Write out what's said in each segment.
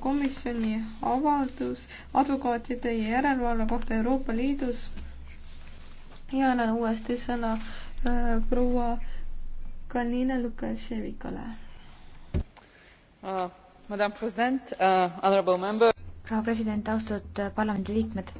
komisjoni avaldus advokaatide ja järelevalve kohta Euroopa Liidus. ja annan uuesti sõna äh, proua Kalina Lukaševikale uh,. Äh, Madam president uh,, honorable member. proua president, austatud parlamendiliikmed.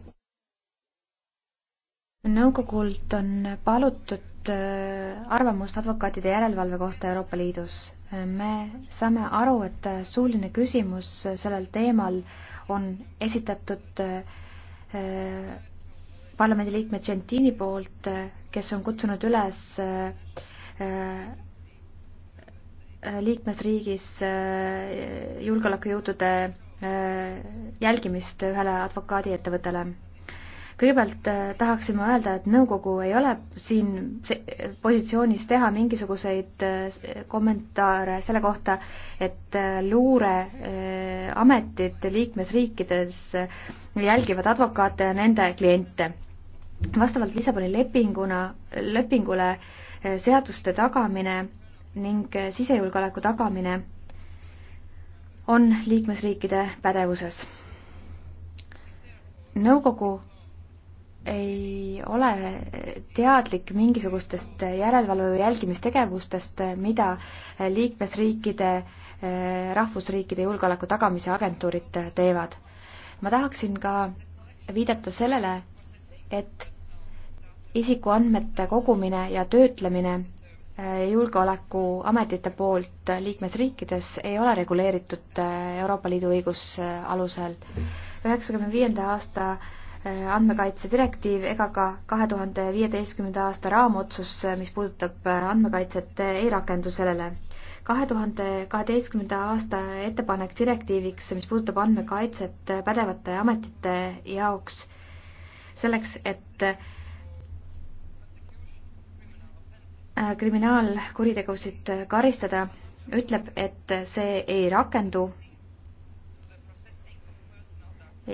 nõukogult on palutud Äh, arvamust advokaatide järelevalve kohta Euroopa Liidus. me saame aru, et äh, suuline küsimus äh, sellel teemal on esitatud parlamendiliikme Gentini poolt, kes on kutsunud üles liikmesriigis julgeolekujõudude jälgimist ühele advokaadiettevõttele kõigepealt äh, tahaksin ma öelda, et nõukogu ei ole siin positsioonis teha mingisuguseid äh, kommentaare selle kohta, et äh, luureametid liikmesriikides jälgivad advokaate ja nende kliente. vastavalt Lissaboni lepinguna, lepingule seaduste tagamine ning sisejulgeoleku tagamine on liikmesriikide pädevuses. nõukogu ei ole teadlik mingisugustest järelevalve või jälgimistegevustest, mida liikmesriikide, eh, rahvusriikide julgeoleku tagamise agentuurid teevad. ma tahaksin ka viidata sellele, et isikuandmete kogumine ja töötlemine eh, julgeolekuametite poolt liikmesriikides ei ole reguleeritud eh, Euroopa Liidu õiguse alusel. üheksakümne viienda aasta Äh, andmekaitse direktiiv ega ka kahe tuhande viieteistkümnenda aasta raamotsus, äh, mis puudutab äh, andmekaitset, ei rakendu sellele. kahe tuhande kaheteistkümnenda aasta ettepanek direktiiviks, mis puudutab andmekaitset pädevate ametite jaoks, selleks, et kriminaalkuritegusid karistada, ütleb, et see ei rakendu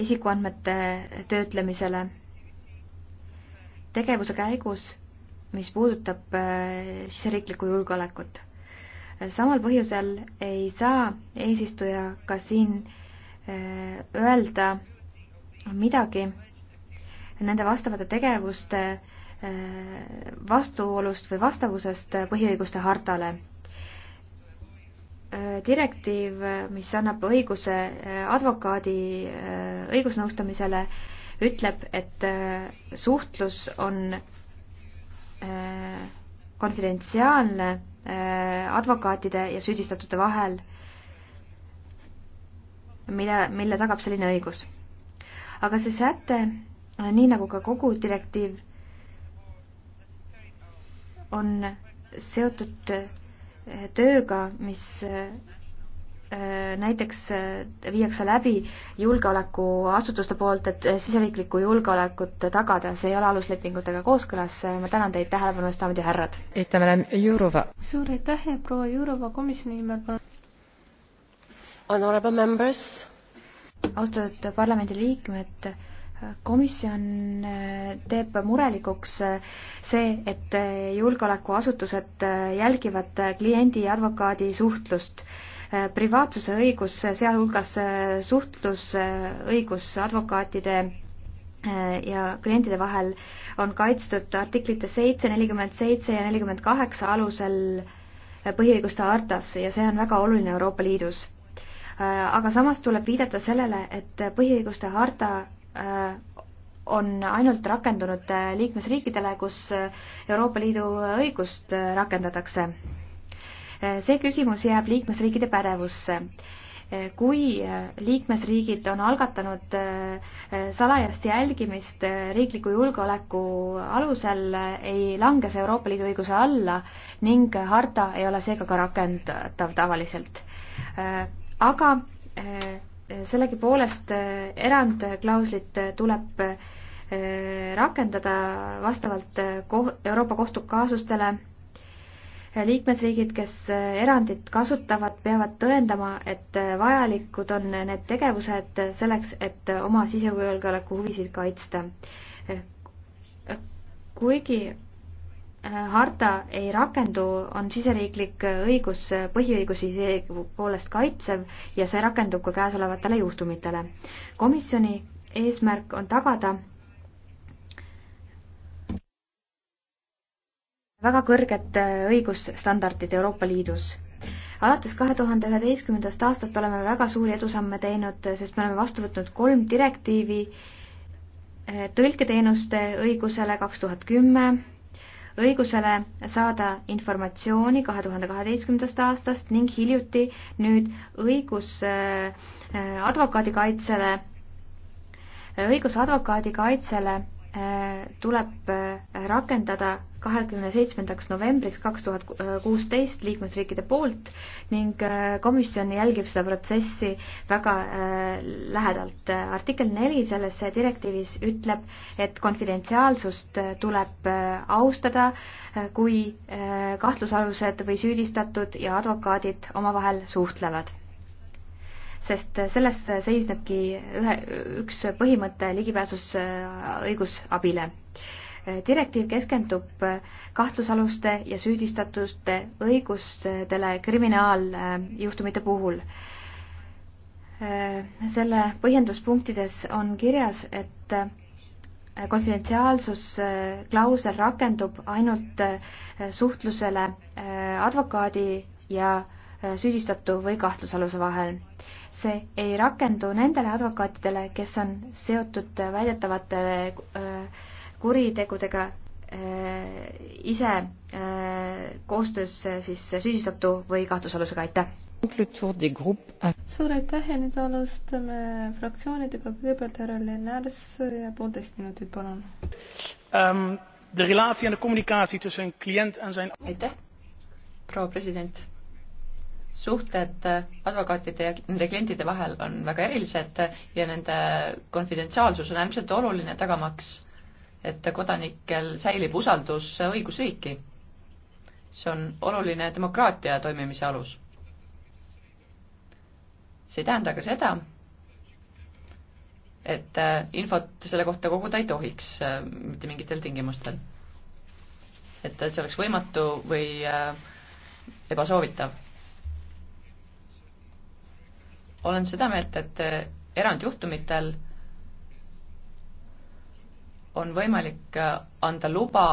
isikuandmete töötlemisele. tegevuse käigus, mis puudutab äh, siseriiklikku julgeolekut. samal põhjusel ei saa eesistuja ka siin äh, öelda midagi nende vastavate tegevuste äh, vastuolust või vastavusest põhiõiguste hartale Äh, direktiiv, äh, mis annab õiguse äh, advokaadi õigusnõustamisele, ütleb, et suhtlus on konfidentsiaalne advokaatide ja süüdistatute vahel, mille, mille tagab selline õigus. aga see säte, nii nagu ka kogu direktiiv, on seotud tööga, mis äh, näiteks äh, viiakse läbi julgeolekuasutuste poolt, et äh, siseriiklikku julgeolekut tagada, see ei ole aluslepingutega kooskõlas, ma tänan teid tähelepanu eest, daamid ja härrad. aitäh, madam Jurova. suur aitäh ja proua Jurova komisjoni nimel, palun. Honorable members. austatud parlamendiliikmed komisjon äh, teeb murelikuks äh, see, et äh, julgeolekuasutused jälgivad kliendi ja advokaadi suhtlust. privaatsuse õigus, sealhulgas suhtlusõigus advokaatide ja klientide vahel on kaitstud artiklite seitse, nelikümmend seitse ja nelikümmend kaheksa alusel põhiõiguste hartas ja see on väga oluline Euroopa Liidus. aga samas tuleb viidata sellele, et põhiõiguste harta Äh, on ainult rakendunud äh, liikmesriikidele, kus äh, Euroopa Liidu õigust rakendatakse. see küsimus jääb liikmesriikide pädevusse kui liikmesriigid on algatanud salajast jälgimist riikliku julgeoleku alusel, ei lange see Euroopa Liidu õiguse alla ning harta ei ole seega ka rakendatav tavaliselt. aga sellegipoolest äh, erandklauslit äh, tuleb äh, rakendada vastavalt Euroopa Kohtu kaasustele. liikmesriigid, kes erandit kasutavad, peavad tõendama, et vajalikud on need tegevused selleks, et oma sisejulgeoleku huvisid kaitsta. kuigi harta ei rakendu, on siseriiklik õigus põhiõigusi poolest kaitsev ja see rakendub ka käesolevatele juhtumitele. komisjoni eesmärk on tagada väga kõrged õigusstandardid Euroopa Liidus alates kahe tuhande üheteistkümnendast aastast oleme väga suuri edusamme teinud, sest me oleme vastu võtnud kolm direktiivi eh, tõlketeenuste õigusele kaks tuhat kümme, õigusele saada informatsiooni kahe tuhande kaheteistkümnendast aastast ning hiljuti nüüd õigus äh, advokaadi kaitsele, õigus advokaadi kaitsele äh, tuleb äh, rakendada kahekümne seitsmendaks novembriks kaks tuhat kuusteist liikmesriikide poolt ning äh, komisjon jälgib seda protsessi väga äh, lähedalt. artikkel neli selles direktiivis ütleb, et konfidentsiaalsust äh, tuleb austada, kui kahtlusalused või süüdistatud ja advokaadid omavahel suhtlevad sest selles seisnebki ühe, üks põhimõte ligipääsus õigusabile direktiiv keskendub kahtlusaluste ja süüdistatuste õigustele kriminaaljuhtumite puhul. selle põhjenduspunktides on kirjas, et konfidentsiaalsusklausel rakendub ainult suhtlusele advokaadi ja süüdistatu või kahtlusaluse vahel. see ei rakendu nendele advokaatidele, kes on seotud väidetavate äh, kuritegudega äh, ise äh, koostöös äh, siis süüdistatu või kahtlusalusega, aitäh! suur aitäh ja nüüd alustame fraktsioonidega, kõigepealt härra Lennars ja poolteist minutit, palun um,. De relatie en de communicatie tussen cliënt en zijn. aitäh, proua president. suhted advokaatide ja nende klientide vahel on väga erilised ja nende konfidentsiaalsus on äärmiselt oluline, tagamaks et kodanikel säilib usaldus õigusriiki. see on oluline demokraatia toimimise alus. see ei tähenda ka seda, et äh, infot selle kohta koguda ei tohiks äh, mitte mingitel tingimustel. et äh, see oleks võimatu või ebasoovitav olen seda meelt, et erandjuhtumitel on võimalik äh, anda luba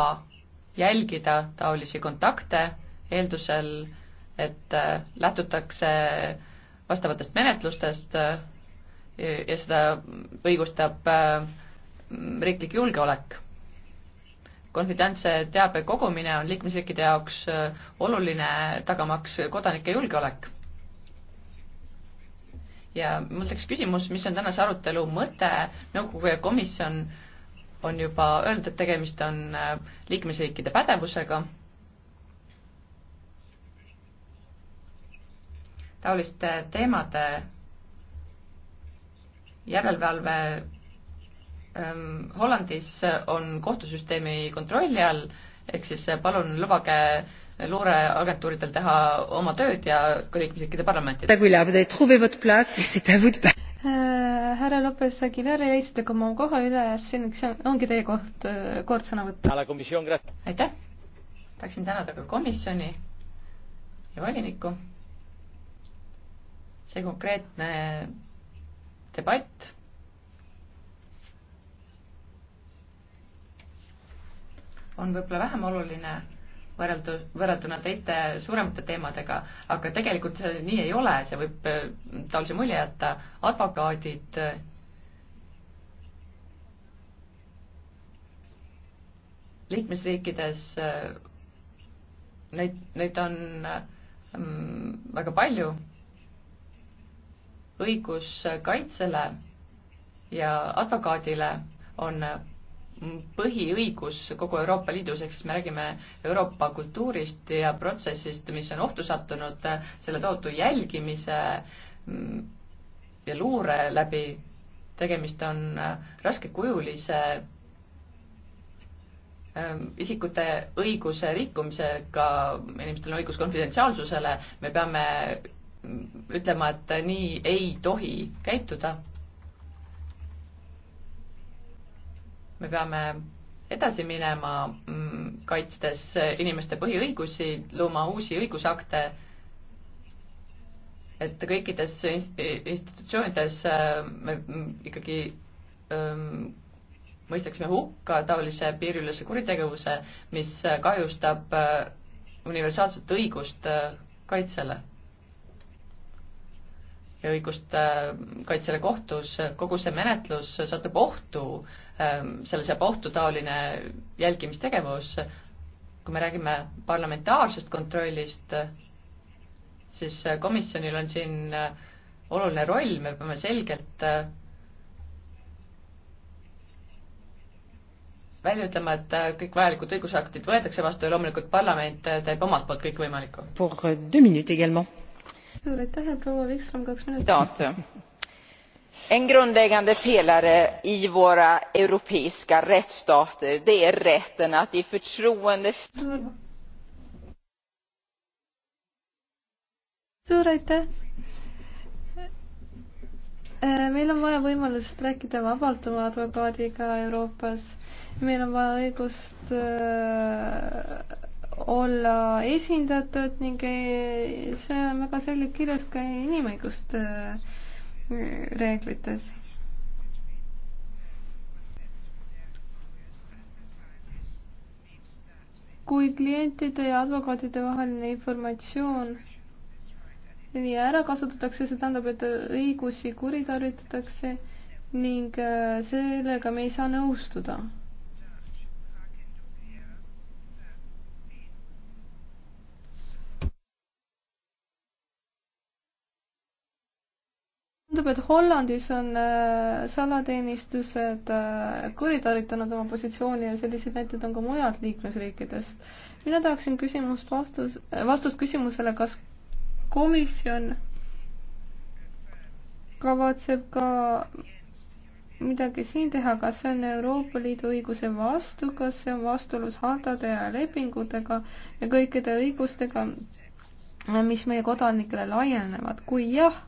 jälgida taolisi kontakte eeldusel, et äh, lähtutakse vastavatest menetlustest äh, ja seda õigustab riiklik julgeolek. konfidentse teabe kogumine on liikmesriikide jaoks oluline, tagamaks kodanike julgeolek. ja mul tekkis küsimus, mis on tänase arutelu mõte, nõukogu ja komisjon äh, on juba öelnud, et tegemist on äh, liikmesriikide pädevusega. taoliste teemade järelevalve ähm, Hollandis on kohtusüsteemi kontrolli all, ehk siis äh, palun lubage luureagentuuridel teha oma tööd ja ka liikmesriikide parlamentidel. Äh, härra Lopez Aguilar, leidsite ka oma koha üles, siin ongi teie koht, äh, kord sõna võtta. aitäh, tahaksin tänada ka komisjoni ja volinikku. see konkreetne debatt on võib-olla vähem oluline võrreldu, võrrelduna teiste suuremate teemadega, aga tegelikult see nii ei ole, see võib eh, taolise mulje jätta, advokaadid eh, liikmesriikides, eh, neid, neid on mm, väga palju, õigus kaitsele ja advokaadile on põhiõigus kogu Euroopa Liidus, ehk siis me räägime Euroopa kultuurist ja protsessist, mis on ohtu sattunud äh, selle tohutu jälgimise mm, ja luure läbi. tegemist on äh, raskekujulise ähm, isikute õiguse rikkumisega, inimestel on õigus konfidentsiaalsusele, me peame mm, ütlema, et nii ei tohi käituda me peame edasi minema, mm, kaitstes inimeste põhiõigusi, looma uusi õigusakte, et kõikides institutsioonides äh, me mm, ikkagi ähm, mõistaksime hukka taolise piiriülese kuritegevuse, mis kahjustab äh, universaalset õigust äh, kaitsele ja õigust kaitsele kohtus, kogu see menetlus satub ohtu Ähm, selles jääb ohtu taoline jälgimistegevus. kui me räägime parlamentaarsest kontrollist, siis äh, komisjonil on siin äh, oluline roll, me peame selgelt äh, välja ütlema, et kõik vajalikud õigusaktid võetakse vastu ja loomulikult parlament teeb omalt poolt kõikvõimalikku. Euh, suur aitäh ja proua Vikström, kaks minutit en grundläggande pelare i våra europeiska rättsstater är rätten att i förtroende suur aitäh! Äh, meil on vaja võimalust rääkida vabalt oma advokaadiga Euroopas. meil on vaja õigust äh, olla esindatud ning äh, see on väga selgelt kirjas ka inimõiguste reeglites. kui klientide ja advokaatide vaheline informatsioon nii ära kasutatakse, see tähendab, et õigusi kuritarvitatakse ning äh, sellega me ei saa nõustuda tundub, et Hollandis on äh, salateenistused äh, kuritarvitanud oma positsiooni ja selliseid näiteid on ka mujalt liikmesriikidest. mina tahaksin küsimust vastus, äh, vastust küsimusele, kas komisjon kavatseb ka midagi siin teha, kas see on Euroopa Liidu õiguse vastu, kas see on vastuolus haldade ja lepingutega ja kõikide õigustega, mis meie kodanikele laienevad, kui jah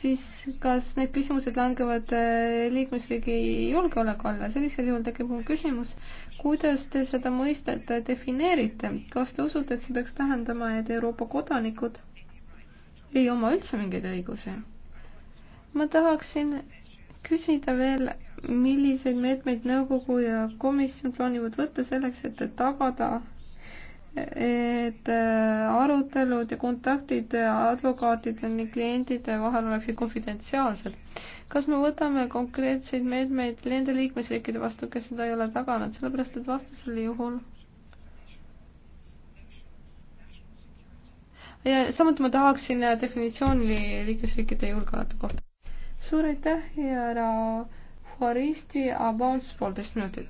siis kas need küsimused langevad äh, liikmesriigi julgeoleku alla, sellisel juhul tekib mul küsimus, kuidas te seda mõistet defineerite, kas te usute, et see peaks tähendama, et Euroopa kodanikud ei oma üldse mingeid õigusi? ma tahaksin küsida veel, milliseid meetmeid nõukogu ja komisjon plaanivad võtta selleks, et tagada et äh, arutelud ja kontaktid advokaatide ning klientide vahel oleksid konfidentsiaalsed. kas me võtame konkreetseid meetmeid nende liikmesriikide vastu, kes seda ei ole taganud, sellepärast et vastasel juhul ja samuti ma tahaksin definitsiooni liikmesriikide julgeoleku kohta. suur aitäh ja härra Juaristi Abons, poolteist minutit.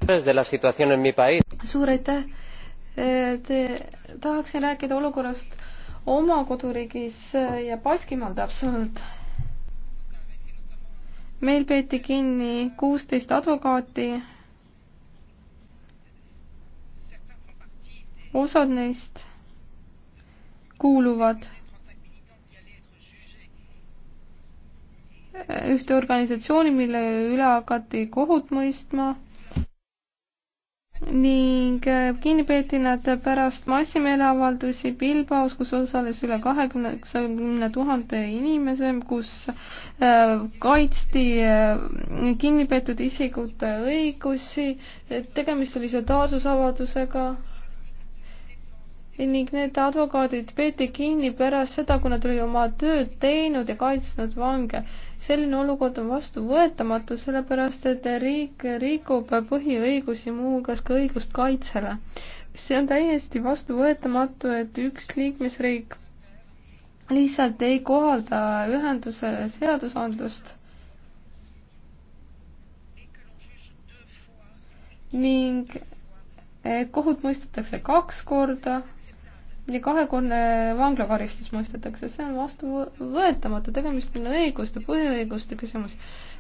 suur aitäh Te, tahaksin rääkida olukorrast oma koduriigis ja Baskimaal täpsemalt. meil peeti kinni kuusteist advokaati. osad neist kuuluvad ühte organisatsiooni, mille üle hakati kohut mõistma ning äh, kinni peeti nad pärast massimeeleavaldusi Bilbaos, kus osales üle kahekümne tuhande inimese, kus äh, kaitsti äh, kinnipeetud isikute õigusi, tegemist oli solidaarsusavaldusega ning need advokaadid peeti kinni pärast seda, kui nad olid oma tööd teinud ja kaitsnud vange. selline olukord on vastuvõetamatu, sellepärast et riik rikub põhiõigusi, muuhulgas ka õigust kaitsele. see on täiesti vastuvõetamatu, et üks liikmesriik lihtsalt ei kohalda ühenduse seadusandlust ning et eh, kohut mõistetakse kaks korda ja kahekordne vanglakaristus mõistetakse, see on vastuvõetamatu, tegemist on õiguste, põhiõiguste küsimus.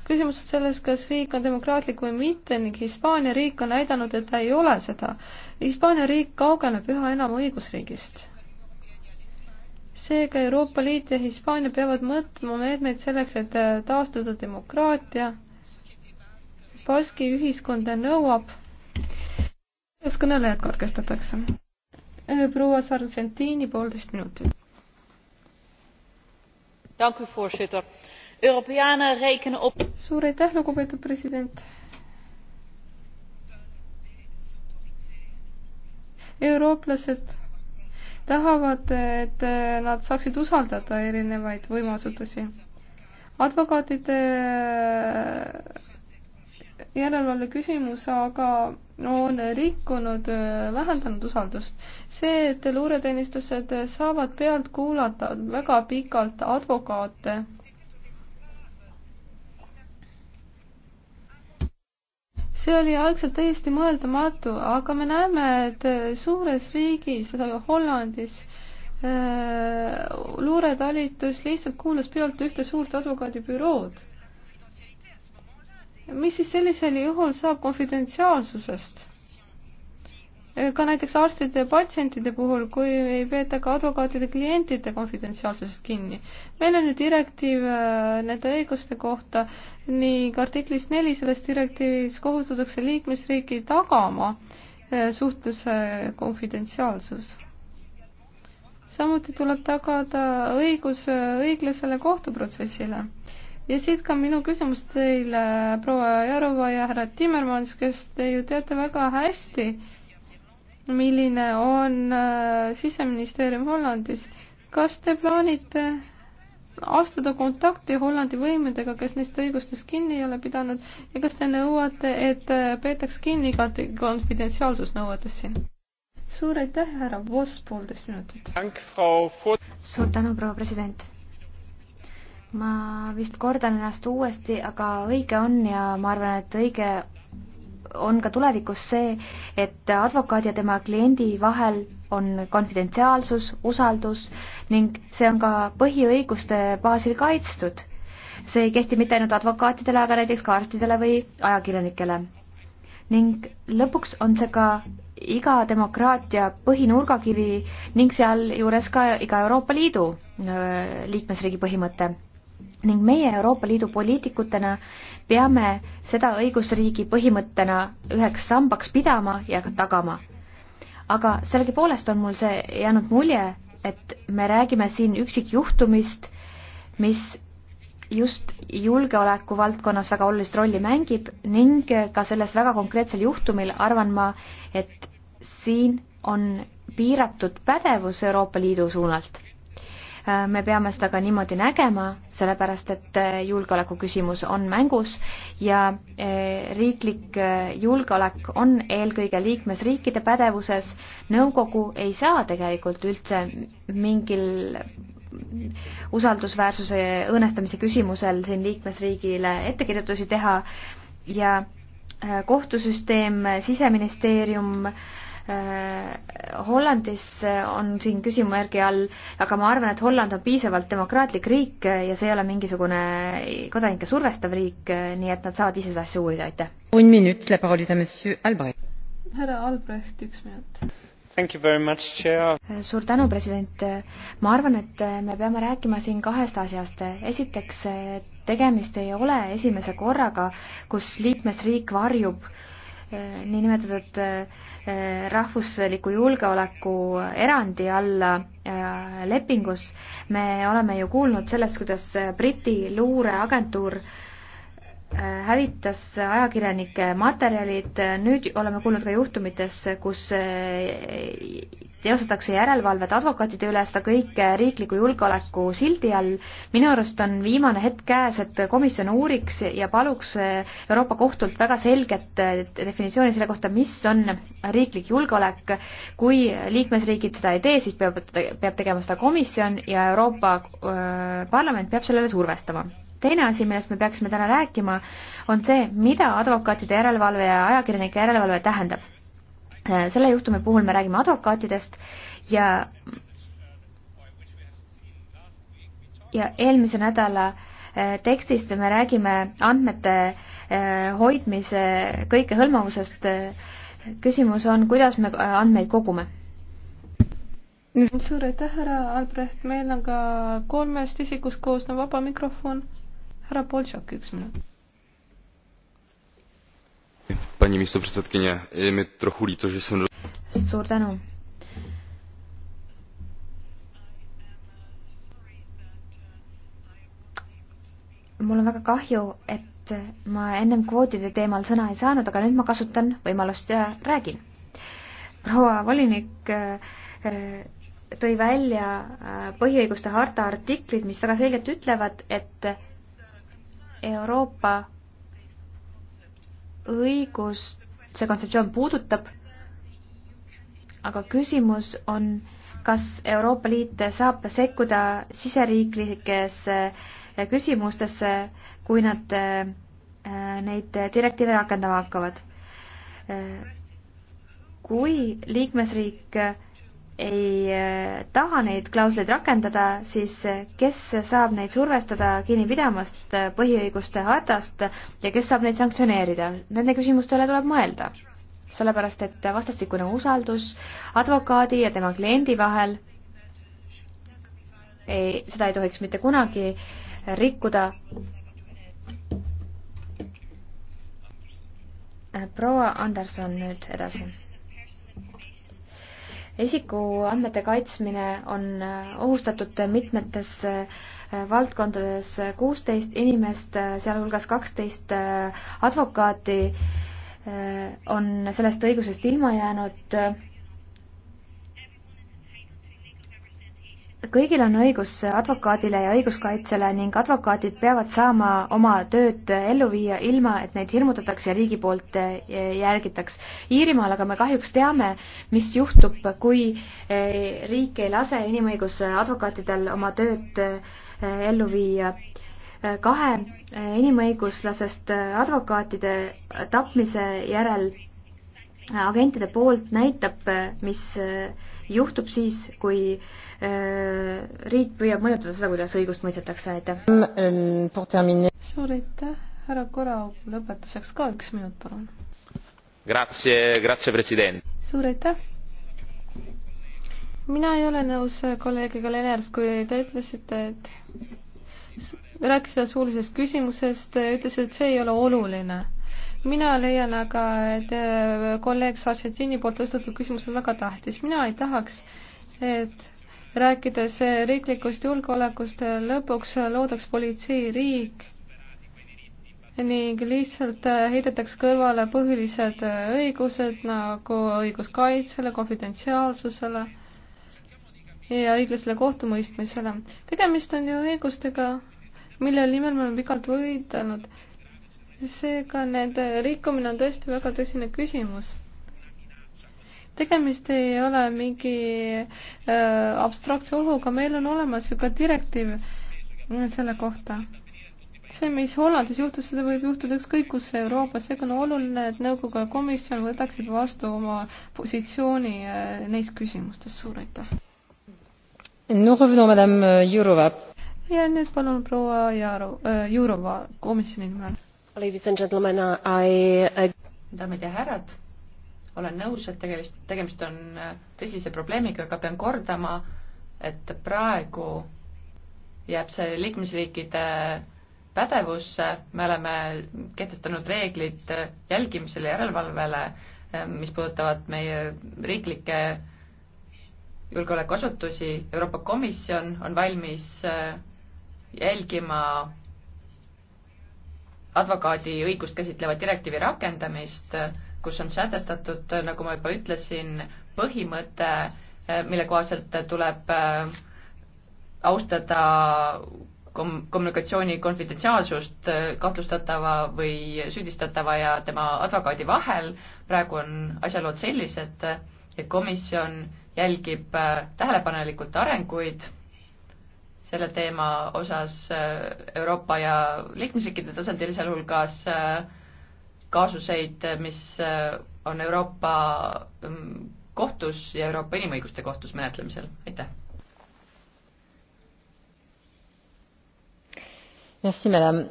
küsimus on selles, kas riik on demokraatlik või mitte ning Hispaania riik on näidanud, et ta ei ole seda. Hispaania riik kaugeneb üha enam õigusriigist. seega Euroopa Liit ja Hispaania peavad mõtlema meetmeid selleks, et taastada demokraatia. Baski ühiskonda nõuab. üks kõnelejad katkestatakse. Äh, proua Sargentini, poolteist minutit. suur aitäh, lugupeetud president. eurooplased tahavad, et äh, nad saaksid usaldada erinevaid võimuasutusi. advokaatide äh, järelevalve küsimus, aga on rikkunud, vähendanud usaldust. see, et luureteenistused saavad pealt kuulata väga pikalt advokaate, see oli algselt täiesti mõeldamatu, aga me näeme, et suures riigis, Hollandis, äh, luuretalitus lihtsalt kuulas pealt ühte suurt advokaadibürood mis siis sellisel juhul saab konfidentsiaalsusest? ka näiteks arstide ja patsientide puhul, kui ei peeta ka advokaatide klientide konfidentsiaalsusest kinni. meil on ju direktiiv äh, nende õiguste kohta ning artiklis neli selles direktiivis kohustatakse liikmesriiki tagama äh, suhtluse konfidentsiaalsus. samuti tuleb tagada õigus äh, õiglasele kohtuprotsessile ja siit ka minu küsimus teile, proua Jarova ja härra Timmermans, kes te ju teate väga hästi, milline on äh, siseministeerium Hollandis. kas te plaanite astuda kontakti Hollandi võimudega, kes neist õigustest kinni ei ole pidanud ja kas te nõuate, et äh, peetaks kinni ka konfidentsiaalsusnõuetest siin? suur aitäh, härra Voss, poolteist minutit. suur tänu, proua president ma vist kordan ennast uuesti, aga õige on ja ma arvan, et õige on ka tulevikus see, et advokaadi ja tema kliendi vahel on konfidentsiaalsus, usaldus ning see on ka põhiõiguste baasil kaitstud. see ei kehti mitte ainult advokaatidele, aga näiteks ka arstidele või ajakirjanikele. ning lõpuks on see ka iga demokraatia põhinurgakivi ning sealjuures ka iga Euroopa Liidu äh, liikmesriigi põhimõte ning meie Euroopa Liidu poliitikutena peame seda õigusriigi põhimõttena üheks sambaks pidama ja ka tagama. aga sellegipoolest on mul see jäänud mulje, et me räägime siin üksikjuhtumist, mis just julgeoleku valdkonnas väga olulist rolli mängib ning ka selles väga konkreetsel juhtumil arvan ma, et siin on piiratud pädevus Euroopa Liidu suunalt Äh, me peame seda ka niimoodi nägema, sellepärast et äh, julgeoleku küsimus on mängus ja äh, riiklik julgeolek on eelkõige liikmesriikide pädevuses. nõukogu ei saa tegelikult üldse mingil usaldusväärsuse õõnestamise küsimusel siin liikmesriigile ettekirjutusi teha ja kohtusüsteem, siseministeerium äh, Äh, Hollandis äh, on siin küsimärgi all, aga ma arvan, et Holland on piisavalt demokraatlik riik äh, ja see ei ole mingisugune kodanike survestav riik, nii et nad saavad ise seda asja uurida, aitäh. härra Albrecht, üks minut. Much, suur tänu, president. ma arvan, et me peame rääkima siin kahest asjast. esiteks, tegemist ei ole esimese korraga, kus liikmesriik varjub äh, Eh, niinimetatud eh, rahvusliku julgeoleku erandi alla eh, lepingus. me oleme ju kuulnud sellest, kuidas Briti luureagentuur Äh, hävitas ajakirjanike materjalid, nüüd oleme kuulnud ka juhtumites, kus äh, teostatakse järelevalvet advokaatide üle, seda kõike riikliku julgeoleku sildi all. minu arust on viimane hetk käes, et komisjon uuriks ja paluks äh, Euroopa Kohtult väga selget definitsiooni selle kohta, mis on riiklik julgeolek. kui liikmesriigid seda ei tee, siis peab, peab tegema seda komisjon ja Euroopa Parlament peab sellele survestama teine asi, millest me peaksime täna rääkima, on see, mida advokaatide järelevalve ja ajakirjanike järelevalve tähendab. Äh, selle juhtumi puhul me räägime advokaatidest ja ja eelmise nädala äh, tekstist me räägime andmete äh, hoidmise kõikehõlmavusest. küsimus on, kuidas me andmeid kogume? suur aitäh, härra Albrecht, meil on ka kolmest isikust koosnev vaba mikrofon härra Boltšak, üks minut. paní místopředsedkyně, je mi trochu líto, že jsem... Suur tänu. mul on väga kahju, et ma ennem kvootide teemal sõna ei saanud, aga nüüd ma kasutan võimalust ja räägin. proua volinik äh, äh, tõi välja äh, põhiõiguste harta artiklid, mis väga selgelt ütlevad, et Euroopa õigus, see kontseptsioon puudutab, aga küsimus on, kas Euroopa Liit saab sekkuda siseriiklikesse küsimustesse, kui nad äh, neid direktiive rakendama hakkavad. Äh, kui liikmesriik ei äh, taha neid klausleid rakendada, siis äh, kes saab neid survestada kinni pidamast äh, põhiõiguste hartast ja kes saab neid sanktsioneerida? Nende küsimustele tuleb mõelda. sellepärast, et vastastikune usaldus advokaadi ja tema kliendi vahel ei, seda ei tohiks mitte kunagi rikkuda. proua Anderson nüüd edasi isikuandmete kaitsmine on äh, ohustatud mitmetes äh, valdkondades kuusteist inimest, äh, sealhulgas kaksteist advokaati on sellest õigusest ilma jäänud kõigil on õigus advokaadile ja õiguskaitsele ning advokaadid peavad saama oma tööd ellu viia, ilma et neid hirmutatakse ja riigi poolt eh, järgitaks. Iirimaal aga me kahjuks teame, mis juhtub, kui eh, riik ei lase inimõiguse advokaatidel oma tööd eh, ellu viia. kahe inimõiguslasest advokaatide tapmise järel agentide poolt näitab, mis juhtub siis, kui äh, riik püüab mõjutada seda, kuidas õigust mõistetakse, aitäh. suur aitäh, härra Korau, lõpetuseks ka üks minut, palun. Grazie, grazie, president. suur aitäh. mina ei ole nõus äh, kolleegiga Lenars, kui te ütlesite, et rääkisite suulisest küsimusest, ütles, et see ei ole oluline mina leian aga, et äh, kolleeg Sargentini poolt tõstatud küsimus on väga tähtis. mina ei tahaks, et rääkides äh, riiklikust julgeolekust, äh, lõpuks loodaks politseiriik ning lihtsalt heidetaks kõrvale põhilised õigused nagu õigus kaitsele, konfidentsiaalsusele ja õiglasele kohtumõistmisele. tegemist on ju õigustega, mille nimel me oleme pikalt võidelnud seega nende rikkumine on tõesti väga tõsine küsimus. tegemist ei ole mingi äh, abstraktse oluga, meil on olemas ju ka direktiiv selle kohta see, mis Hollandis juhtus, seda võib juhtuda ükskõik kus Euroopas, seega on oluline, et nõukogu ja komisjon võtaksid vastu oma positsiooni äh, neis küsimustes, suur aitäh. ja nüüd palun proua Jaro äh,, Jurova komisjoni nimel. Ladies and gentlemen, I daamid ja härrad, olen nõus, et tegemist, tegemist on äh, tõsise probleemiga, aga pean kordama, et praegu jääb see liikmesriikide pädevusse, me oleme kehtestanud reeglid äh, jälgimisele, järelevalvele, äh, mis puudutavad meie riiklikke julgeolekuasutusi, Euroopa Komisjon on valmis jälgima advokaadi õigust käsitleva direktiivi rakendamist, kus on sätestatud, nagu ma juba ütlesin, põhimõte, mille kohaselt tuleb äh, austada kom-, kommunikatsiooni konfidentsiaalsust äh, kahtlustatava või süüdistatava ja tema advokaadi vahel. praegu on asjalood sellised, et komisjon jälgib äh, tähelepanelikult arenguid selle teema osas äh, Euroopa ja liikmesriikide tasandil, sealhulgas äh, kaasuseid, mis äh, on Euroopa mm, kohtus ja Euroopa Inimõiguste Kohtus menetlemisel, aitäh. Merci, madame.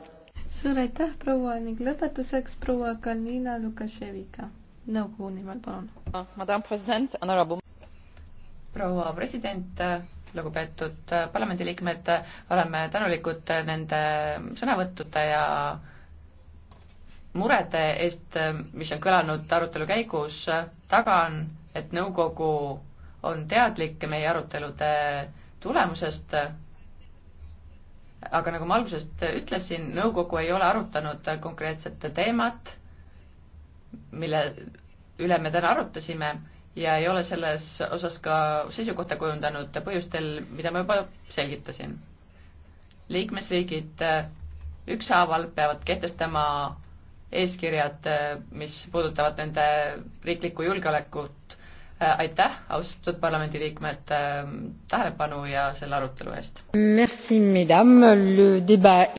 suur aitäh, proua ning lõpetuseks proua Kalina Lukaševika, nõukogu nimel, palun. Madame president, honorable. proua president lugupeetud äh, parlamendiliikmed, oleme tänulikud äh, nende sõnavõttude ja murede eest, äh, mis on kõlanud arutelu käigus, tagan, et nõukogu on teadlik meie arutelude tulemusest, aga nagu ma algusest ütlesin, nõukogu ei ole arutanud konkreetset teemat, mille üle me täna arutasime ja ei ole selles osas ka seisukohta kujundanud põhjustel, mida ma juba selgitasin. liikmesriigid äh, ükshaaval peavad kehtestama eeskirjad, äh, mis puudutavad nende riiklikku julgeolekut. Äh, aitäh, austatud parlamendiliikmed, tähelepanu ja selle arutelu eest!